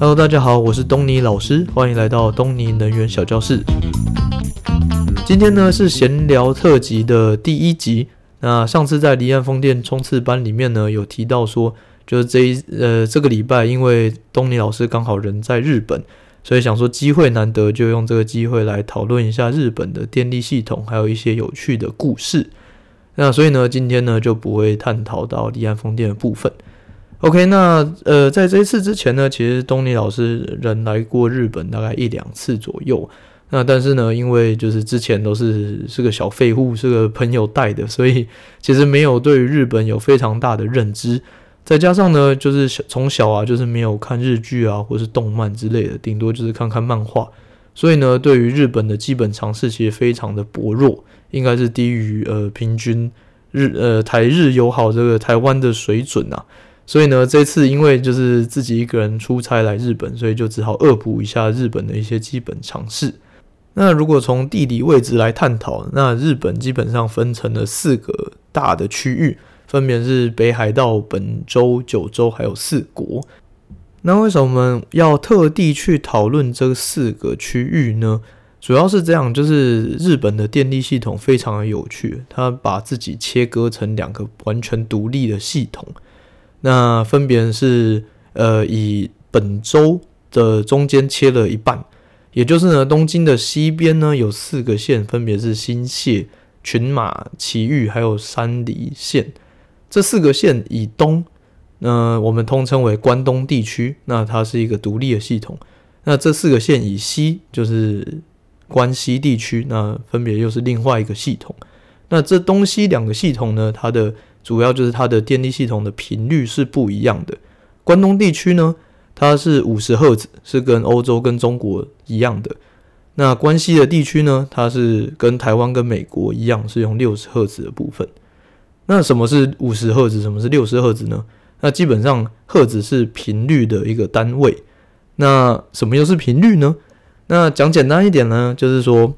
Hello，大家好，我是東尼老師，歡迎來到東尼能源小教室。今天呢是閒聊特輯的第一集。那上次在離岸風電衝刺班裡面呢，有提到說，就是這一呃這個禮拜，因為東尼老師剛好人在日本，所以想說機會難得，就用這個機會來討論一下日本的電力系統，還有一些有趣的故事。那所以呢，今天呢就不會探討到離岸風電的部分。OK，那呃，在這一次之前呢，其實東尼老師人來過日本大概一兩次左右。那但是呢，因為就是之前都是是個小廢物，是個朋友帶的，所以其實沒有對日本有非常大的認知。再加上呢，就是小，從小啊，就是沒有看日劇啊，或是動漫之類的，頂多就是看看漫畫。所以呢，對於日本的基本常識其實非常的薄弱，應該是低於呃平均日呃台日友好這個台灣的水準啊。所以呢，這次因為就是自己一個人出差來日本，所以就只好惡補一下日本的一些基本常識。那如果從地理位置來探討，那日本基本上分成了四個大的區域，分別是北海道、本州、九州還有四國。那為什麼我們要特地去討論這四個區域呢？主要是這樣，就是日本的電力系統非常的有趣，它把自己切割成兩個完全獨立的系統。那分別是呃，以本州的中間切了一半，也就是呢東京的西邊呢有四個縣，分別是新潟、群馬、埼玉還有山梨縣。這四個縣以東，那我們通稱為關東地區，那它是一個獨立的系統。那這四個縣以西就是關西地區，那分別又是另外一個系統。那這東西兩個系統呢，它的。主要就是它的電力系統的頻率是不一樣的。關東地區呢，它是五十赫茲，是跟歐洲跟中國一樣的。那關西的地區呢，它是跟台灣跟美國一樣，是用六十赫茲的部分。那什麼是五十赫茲？什麼是六十赫茲呢？那基本上赫茲是頻率的一個單位。那什麼又是頻率呢？那講簡單一點呢，就是說，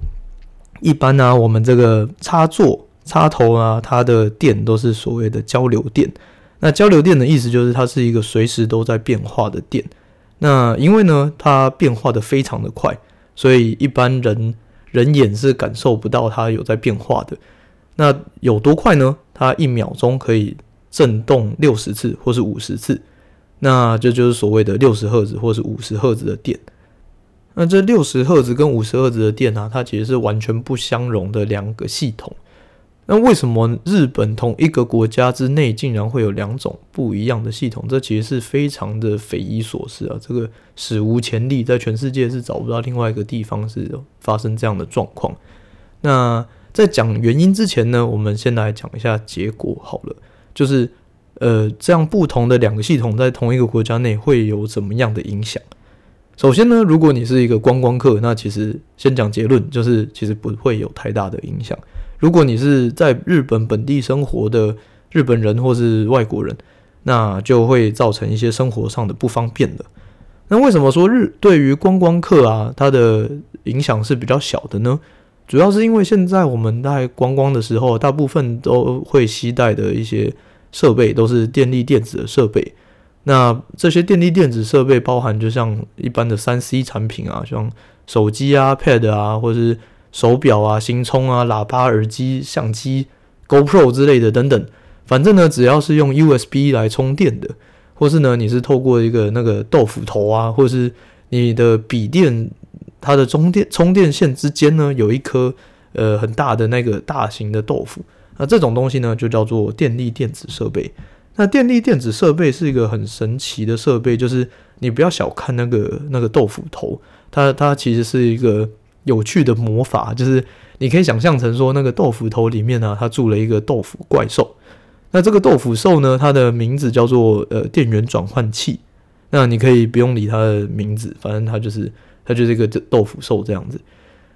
一般呢、啊，我們這個插座。插頭啊，它的電都是所謂的交流電。那交流電的意思就是，它是一個隨時都在變化的電。那因為呢，它變化的非常的快，所以一般人人眼是感受不到它有在變化的。那有多快呢？它一秒鐘可以震動六十次或是五十次。那這就是所謂的六十赫茲或是五十赫茲的電。那這六十赫茲跟五十赫茲的電啊，它其實是完全不相容的兩個系統。那為什麼日本同一個國家之內，竟然會有兩種不一樣的系統？這其實是非常的匪夷所思啊！這個史無前例，在全世界是找不到另外一個地方是發生這樣的狀況。那在講原因之前呢，我們先來講一下結果好了，就是呃，這樣不同的兩個系統在同一個國家內會有怎麼樣的影響？首先呢，如果你是一個觀光客，那其實先講結論，就是其實不會有太大的影響。如果你是在日本本地生活的日本人或是外國人，那就會造成一些生活上的不方便了。那為什麼說日對於觀光客啊，它的影響是比較小的呢？主要是因為現在我們在觀光的時候，大部分都會攜帶的一些設備都是電力電子的設備。那這些電力電子設備包含，就像一般的三 C 產品啊，像手機啊、Pad 啊，或是。手錶啊，行充啊，喇叭、耳機、相機、GoPro 之類的等等，反正呢，只要是用 USB 來充電的，或是呢，你是透過一個那個豆腐頭啊，或是你的筆電它的充電充電線之間呢，有一顆呃很大的那個大型的豆腐，那這種東西呢，就叫做電力電子設備。那電力電子設備是一個很神奇的設備，就是你不要小看那個那個豆腐頭，它它其實是一個。有趣的魔法就是，你可以想象成說，那個豆腐頭裡面呢、啊，它住了一個豆腐怪獸。那這個豆腐獸呢，它的名字叫做呃電源轉換器。那你可以不用理它的名字，反正它就是它就是一個豆腐獸這樣子。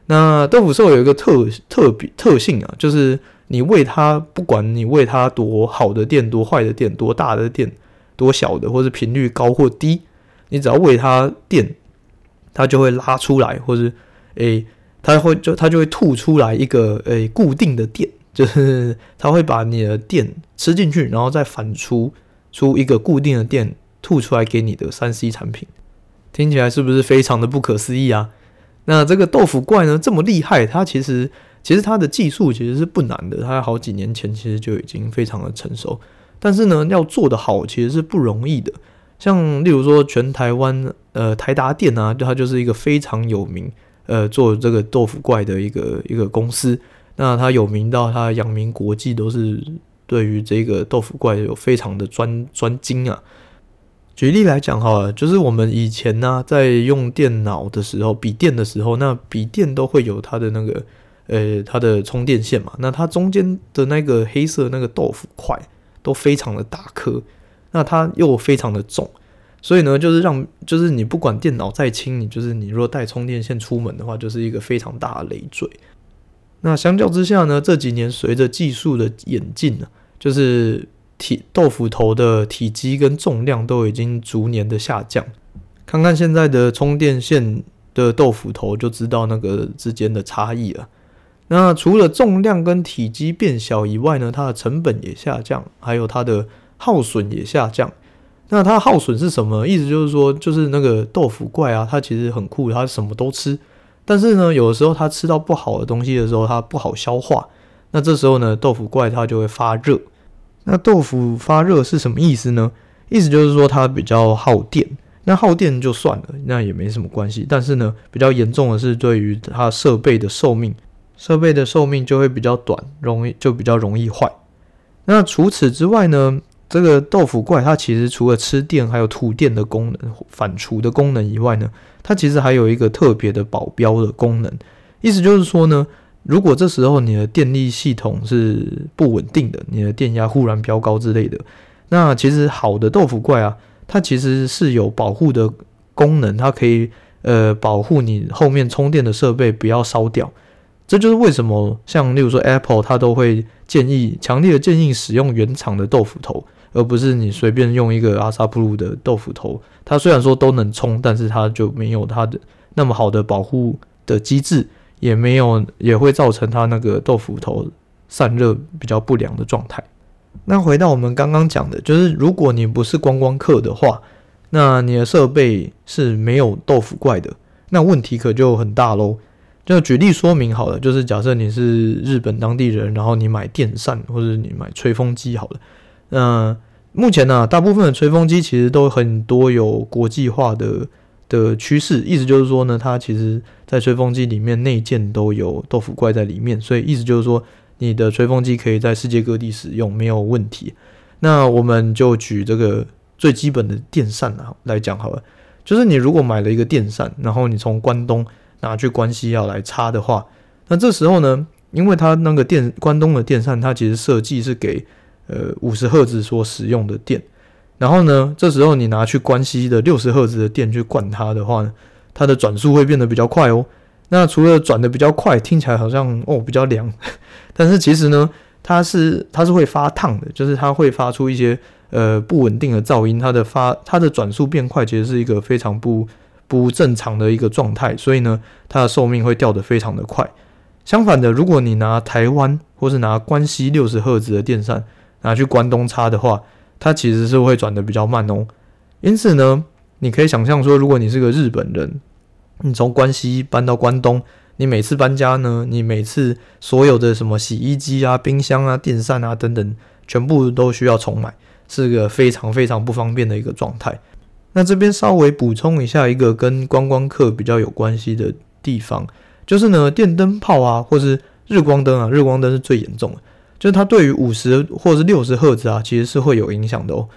那豆腐獸有一個特特別特性啊，就是你餵它，不管你餵它多好的電、多壞的電、多大的電、多小的，或是頻率高或低，你只要餵它電，它就會拉出來，或是。誒、欸，他會就他就會吐出來一個誒、欸、固定的電，就是他會把你的電吃進去，然後再反出出一個固定的電吐出來給你的三 C 產品，聽起來是不是非常的不可思議啊？那這個豆腐怪呢，這麼厲害，它其實其實它的技術其實是不難的，它好幾年前其實就已經非常的成熟，但是呢，要做得好其實是不容易的。像例如說全台灣呃台達電啊，它就是一個非常有名。呃，做這個豆腐怪的一個一個公司。那他有名到他揚名國際，都是對於這個豆腐怪有非常的專專精啊。舉例來講哈，就是我們以前呢、啊、在用電腦的時候，筆電的時候，那筆電都會有它的那個呃它、欸、的充電線嘛，那它中間的那個黑色那個豆腐塊都非常的大顆，那它又非常的重。所以呢，就是讓，就是你不管電腦再輕，你就是你如果帶充電線出門的話，就是一個非常大的累贅。那相較之下呢，這幾年隨着技術的演進呢，就是體豆腐頭的體積跟重量都已經逐年的下降。看看現在的充電線的豆腐頭，就知道那個之間的差異了。那除了重量跟體積變小以外呢，它的成本也下降，還有它的耗損也下降。那它耗損是什麼意思？就是說，就是那個豆腐怪啊，它其實很酷，它什麼都吃。但是呢，有的時候它吃到不好的東西的時候，它不好消化。那這時候呢，豆腐怪它就會發熱。那豆腐發熱是什麼意思呢？意思就是說它比較耗電。那耗電就算了，那也沒什麼關係。但是呢，比較嚴重的是對於它設備的壽命，設備的壽命就會比較短，容易就比較容易壞。那除此之外呢？這個豆腐怪它其實除了吃電還有吐電的功能，反芻的功能以外呢，它其實還有一個特別的保鏢的功能。意思就是說呢，如果這時候你的電力系統是不穩定的，你的電壓忽然飆高之類的，那其實好的豆腐怪啊，它其實是有保護的功能，它可以呃保護你後面充電的設備不要燒掉。這就是為什麼像例如說 Apple 它都會建議，強烈的建議使用原廠的豆腐頭。而不是你隨便用一個阿薩布魯的豆腐頭，它雖然說都能充，但是它就沒有它的那麼好的保護的機制，也沒有也會造成它那個豆腐頭散熱比較不良的狀態。那回到我們剛剛講的，就是如果你不是觀光客的話，那你的設備是沒有豆腐怪的，那問題可就很大嘍。就舉例說明好了，就是假設你是日本當地人，然後你買電扇或者你買吹風機好了。那目前呢、啊，大部分的吹風機其實都很多有國際化的的趨勢，意思就是說呢，它其實在吹風機裡面內建都有豆腐怪在裡面，所以意思就是說，你的吹風機可以在世界各地使用沒有問題。那我們就舉這個最基本的電扇啊來講好了，就是你如果買了一個電扇，然後你從關東拿去關西要來插的話，那這時候呢，因為它那個電關東的電扇，它其實設計是給。呃，五十赫茲所使用的電，然後呢，這時候你拿去關西的六十赫茲的電去灌它的話呢，它的轉速會變得比較快哦。那除了轉得比較快，聽起來好像哦比較涼， 但是其實呢，它是它是會發燙的，就是它會發出一些呃不穩定的噪音。它的發它的轉速變快，其實是一個非常不不正常的一個狀態，所以呢，它的壽命會掉得非常的快。相反的，如果你拿台灣或是拿關西六十赫茲的電扇，拿去關東插的話，它其實是會轉得比較慢哦。因此呢，你可以想象說，如果你是個日本人，你從關西搬到關東，你每次搬家呢，你每次所有的什麼洗衣機啊、冰箱啊、電扇啊等等，全部都需要重買，是個非常非常不方便的一個狀態。那這邊稍微補充一下一個跟觀光客比較有關係的地方，就是呢，電燈泡啊，或是日光燈啊，日光燈是最嚴重的。就是它對於五十或者是六十赫茲啊，其實是會有影響的哦。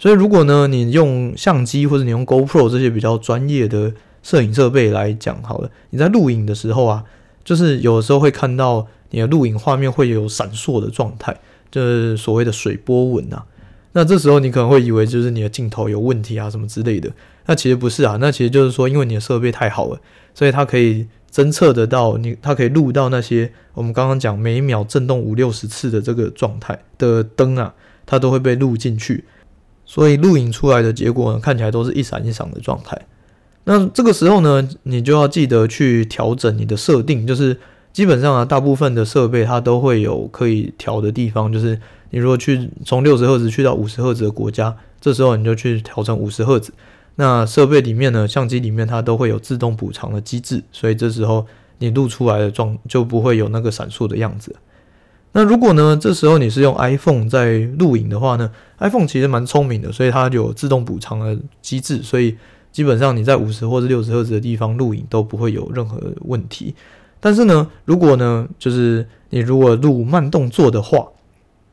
所以如果呢，你用相機或者你用 GoPro 這些比較專業的攝影設備來講好了，你在錄影的時候啊，就是有時候會看到你的錄影畫面會有閃爍的狀態，就是所謂的水波紋吶啊。那這時候你可能會以為就是你的鏡頭有問題啊什麼之類的，那其實不是啊，那其實就是說因為你的設備太好了，所以它可以。偵測得到你。它可以錄到那些我們剛剛講每一秒震動五六十次的這個狀態的燈啊，它都會被錄進去。所以錄影出來的結果呢，看起來都是一閃一閃的狀態。那這個時候呢，你就要記得去調整你的設定，就是基本上啊，大部分的設備它都會有可以調的地方，就是你如果去從六十赫茲去到五十赫茲的國家，這時候你就去調整五十赫茲。那設備裡面呢，相機裡面它都會有自動補償的機制，所以這時候你錄出來的狀就不會有那個閃爍的樣子。那如果呢，這時候你是用 iPhone 在錄影的話呢，iPhone 其實蠻聰明的，所以它有自動補償的機制，所以基本上你在五十或是六十赫茲的地方錄影都不會有任何問題。但是呢，如果呢，就是你如果錄慢動作的話，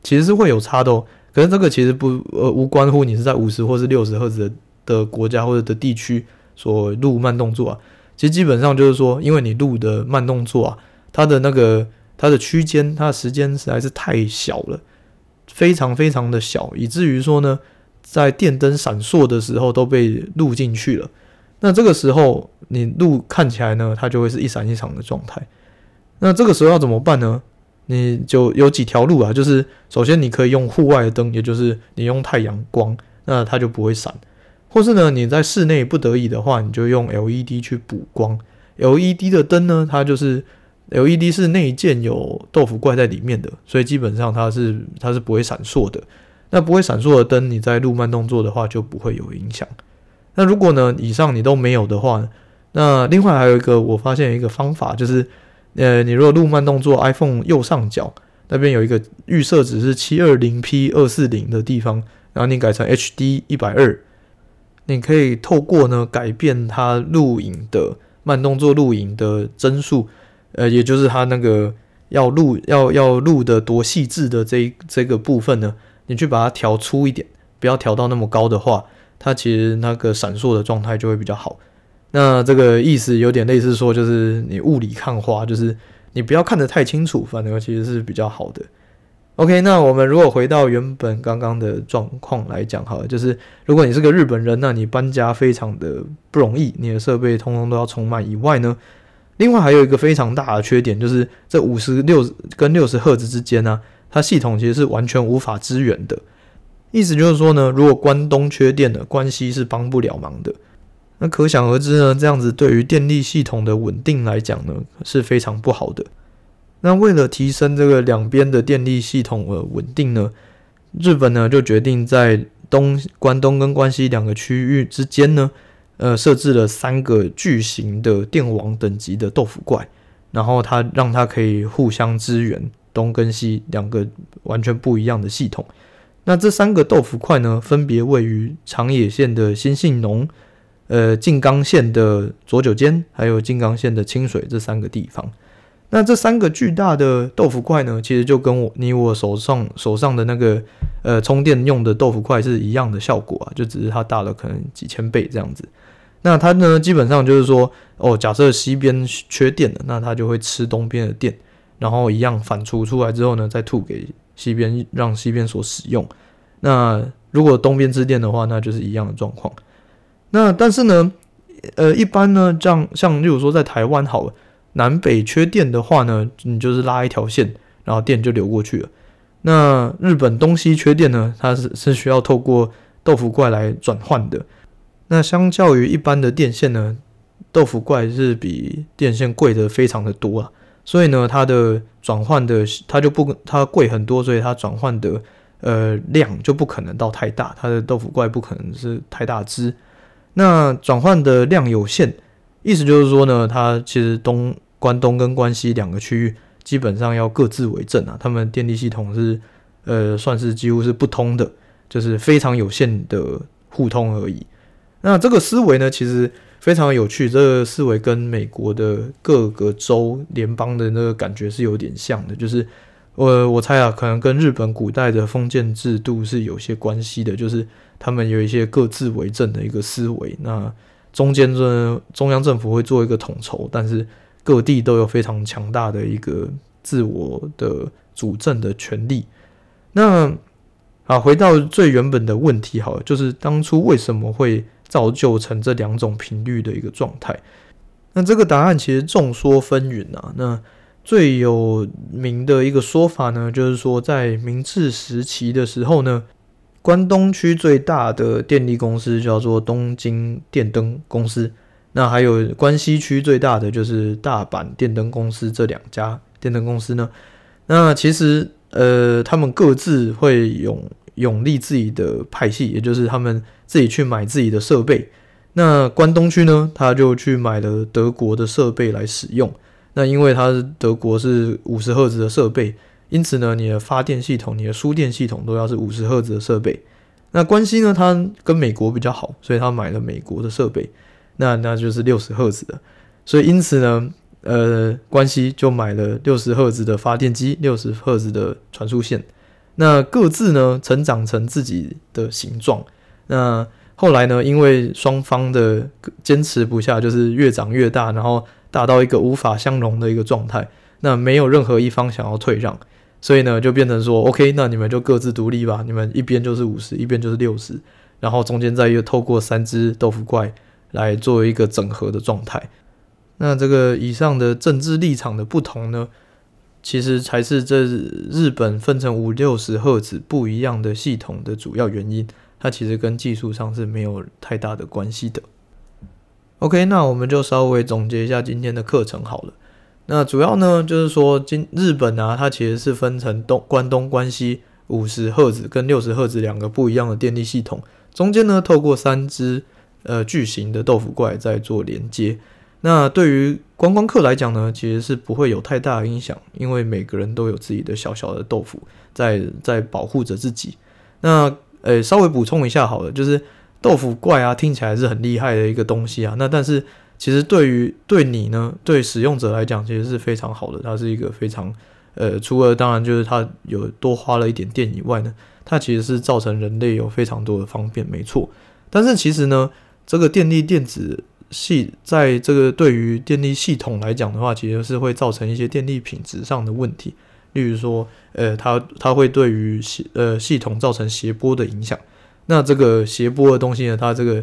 其實是會有差的哦。可是這個其實不呃無關乎你是在五十或是六十赫茲的。的國家或者的地區所錄慢動作啊，其實基本上就是說，因為你錄的慢動作啊，它的那個它的區間，它的時間實在是太小了，非常非常的小，以至於說呢，在電燈閃爍的時候都被錄進去了。那這個時候你錄看起來呢，它就會是一閃一閃的狀態。那這個時候要怎麼辦呢？你就有幾條路啊，就是首先你可以用戶外的燈，也就是你用太陽光，那它就不會閃。或是呢，你在室內不得已的話，你就用 LED 去補光。LED 的燈呢，它就是 LED 是內建有豆腐怪在裡面的，所以基本上它是它是不會閃爍的。那不會閃爍的燈，你在錄慢動作的話就不會有影響。那如果呢，以上你都沒有的話，那另外還有一個我發現一個方法，就是呃，你如果錄慢動作，iPhone 右上角那邊有一個預設值是七二零 P 二四零的地方，然後你改成 HD 一百二。你可以透過呢，改變它錄影的慢動作錄影的幀數，呃，也就是它那個要錄，要要錄的多細緻的這這個部分呢，你去把它調粗一點，不要調到那麼高的話，它其實那個閃爍的狀態就會比較好。那這個意思有點類似說，就是你霧裡看花，就是你不要看得太清楚，反正其實是比較好的。OK，那我們如果回到原本剛剛的狀況來講，哈，就是如果你是個日本人，那你搬家非常的不容易，你的設備通通都要充滿以外呢，另外還有一個非常大的缺點，就是這五十六跟六十赫茲之間呢、啊，它系統其實是完全無法支援的。意思就是說呢，如果關東缺電的，關西是幫不了忙的。那可想而知呢，這樣子對於電力系統的穩定來講呢，是非常不好的。那為了提升這個兩邊的電力系統而穩定呢，日本呢就決定在東關東跟關西兩個區域之間呢，呃，設置了三個巨型的電網等級的豆腐怪，然後它讓它可以互相支援東跟西兩個完全不一樣的系統。那這三個豆腐塊呢，分別位於長野縣的新信濃，呃，靜岡縣的佐久間，還有靜岡縣的清水這三個地方。那這三個巨大的豆腐塊呢，其實就跟我你我手上手上的那個呃充電用的豆腐塊是一樣的效果啊，就只是它大了可能幾千倍這樣子。那它呢，基本上就是說，哦，假設西邊缺電了，那它就會吃東邊的電，然後一樣反芻出來之後呢，再吐給西邊讓西邊所使用。那如果東邊吃電的話，那就是一樣的狀況。那但是呢，呃，一般呢，像像例如說在台灣好了。南北缺電的話呢，你就是拉一條線，然後電就流過去了。那日本東西缺電呢，它是是需要透過豆腐怪來轉換的。那相較於一般的電線呢，豆腐怪是比電線貴的非常的多啊。所以呢，它的轉換的，它就不，它貴很多，所以它轉換的，呃，量就不可能到太大，它的豆腐怪不可能是太大隻。那轉換的量有限，意思就是說呢，它其實東關東跟關西兩個區域基本上要各自為政啊，他們電力系統是呃，算是幾乎是不通的，就是非常有限的互通而已。那這個思維呢，其實非常有趣，這個思維跟美國的各個州聯邦的那個感覺是有點像的，就是呃，我猜啊，可能跟日本古代的封建制度是有些關係的，就是他們有一些各自為政的一個思維。那中間的中央政府會做一個統籌，但是各地都有非常強大的一個自我的主政的權利。那啊，回到最原本的問題好了，就是當初為什麼會造就成這兩種頻率的一個狀態？那這個答案其實眾說紛紜啊。那最有名的一個說法呢，就是說在明治時期的時候呢。關東區最大的電力公司叫做東京電燈公司，那還有關西區最大的就是大阪電燈公司，這兩家電燈公司呢，那其實呃，他們各自會擁擁立自己的派系，也就是他們自己去買自己的設備。那關東區呢，他就去買了德國的設備來使用，那因為他是德國是五十赫茲的設備。因此呢，你的發電系統、你的輸電系統都要是五十赫茲的設備。那關西呢，它跟美國比較好，所以他買了美國的設備。那那就是六十赫茲的。所以因此呢，呃，關西就買了六十赫茲的發電機、六十赫茲的傳輸線。那各自呢，成長成自己的形狀。那後來呢，因為雙方的堅持不下，就是越長越大，然後達到一個無法相容的一個狀態。那沒有任何一方想要退讓。所以呢，就變成說，OK，那你們就各自獨立吧。你們一邊就是五十，一邊就是六十，然後中間再又透過三隻豆腐怪來作為一個整合的狀態。那這個以上的政治立場的不同呢，其實才是這日本分成五六十赫茲不一樣的系統的主要原因。它其實跟技術上是沒有太大的關係的。OK，那我們就稍微總結一下今天的課程好了。那主要呢，就是說，今日本啊，它其實是分成東關東、關西五十赫茲跟六十赫茲兩個不一樣的電力系統，中間呢，透過三只呃巨型的豆腐怪在做連接。那對於觀光客來講呢，其實是不會有太大的影響，因為每個人都有自己的小小的豆腐在在保護着自己。那呃稍微補充一下好了，就是豆腐怪啊，聽起來是很厲害的一個東西啊，那但是。其實對於對你呢，對使用者來講，其實是非常好的。它是一個非常，呃，除了當然就是它有多花了一點電以外呢，它其實是造成人類有非常多的方便，沒錯。但是其實呢，這個電力電子系在這個對於電力系統來講的話，其實是會造成一些電力品質上的問題。例如說，呃，它它會對於系呃系統造成諧波的影響。那這個諧波的東西呢，它這個。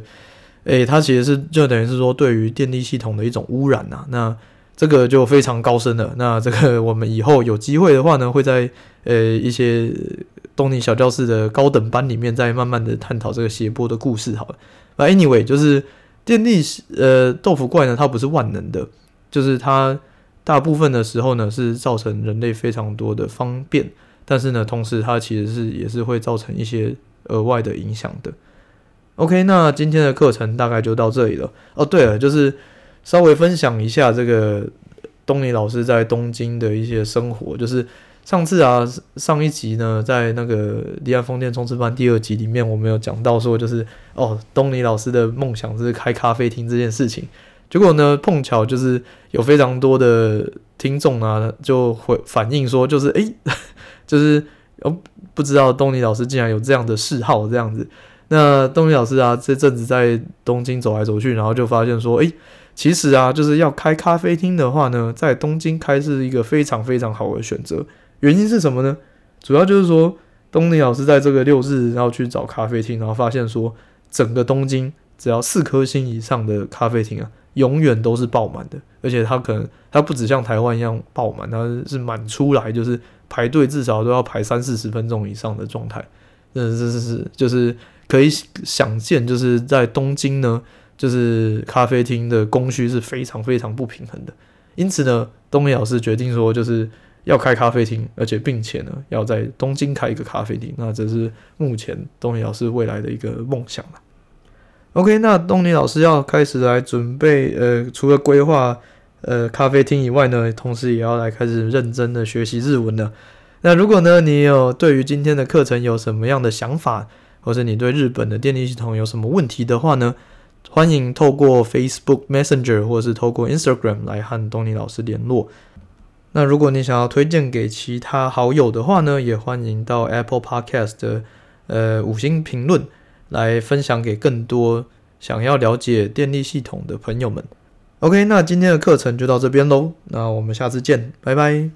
誒、欸，它其實是就等於是說，對於電力系統的一種污染吶、啊。那這個就非常高深了，那這個我們以後有機會的話呢，會在呃、欸、一些東尼小教室的高等班裡面，再慢慢的探討這個諧波的故事好了。那 anyway，就是電力呃豆腐怪呢，它不是萬能的，就是它大部分的時候呢，是造成人類非常多的方便，但是呢，同時它其實是也是會造成一些額外的影響的。OK，那今天的課程大概就到這裡了。哦，oh，對了，就是稍微分享一下這個東尼老師在東京的一些生活。就是上次啊，上一集呢，在那個《離岸風電衝刺班》第二集裡面，我們有講到說，就是哦，oh, 東尼老師的夢想是開咖啡廳這件事情。結果呢，碰巧就是有非常多的聽眾啊，就會反映說，就是欸，就是哎，就是哦，不知道東尼老師竟然有這樣的嗜好，這樣子。那東尼老師啊，這陣子在東京走來走去，然後就發現說，誒、欸，其實啊，就是要開咖啡廳的話呢，在東京開是一個非常非常好的選擇。原因是什麼呢？主要就是說，東尼老師在這個六日，然後去找咖啡廳，然後發現說，整個東京只要四顆星以上的咖啡廳啊，永遠都是爆滿的。而且他可能他不只像台灣一樣爆滿，他是滿出來，就是排隊至少都要排三四十分鐘以上的狀態。嗯，是是、就是，就是。可以想見，就是在東京呢，就是咖啡廳的供需是非常非常不平衡的。因此呢，東尼老師決定說，就是要開咖啡廳，而且並且呢，要在東京開一個咖啡廳。那這是目前東尼老師未來的一個夢想了。OK，那東尼老師要開始來準備，呃，除了規劃呃咖啡廳以外呢，同時也要來開始認真的學習日文了。那如果呢，你有對於今天的課程有什麼樣的想法？或是你對日本的電力系統有什麼問題的話呢？歡迎透過 Facebook Messenger 或是透過 Instagram 來和東尼老師聯絡。那如果你想要推薦給其他好友的話呢，也歡迎到 Apple Podcast 的呃五星評論來分享給更多想要了解電力系統的朋友們。OK，那今天的課程就到這邊嘍，那我們下次見，拜拜。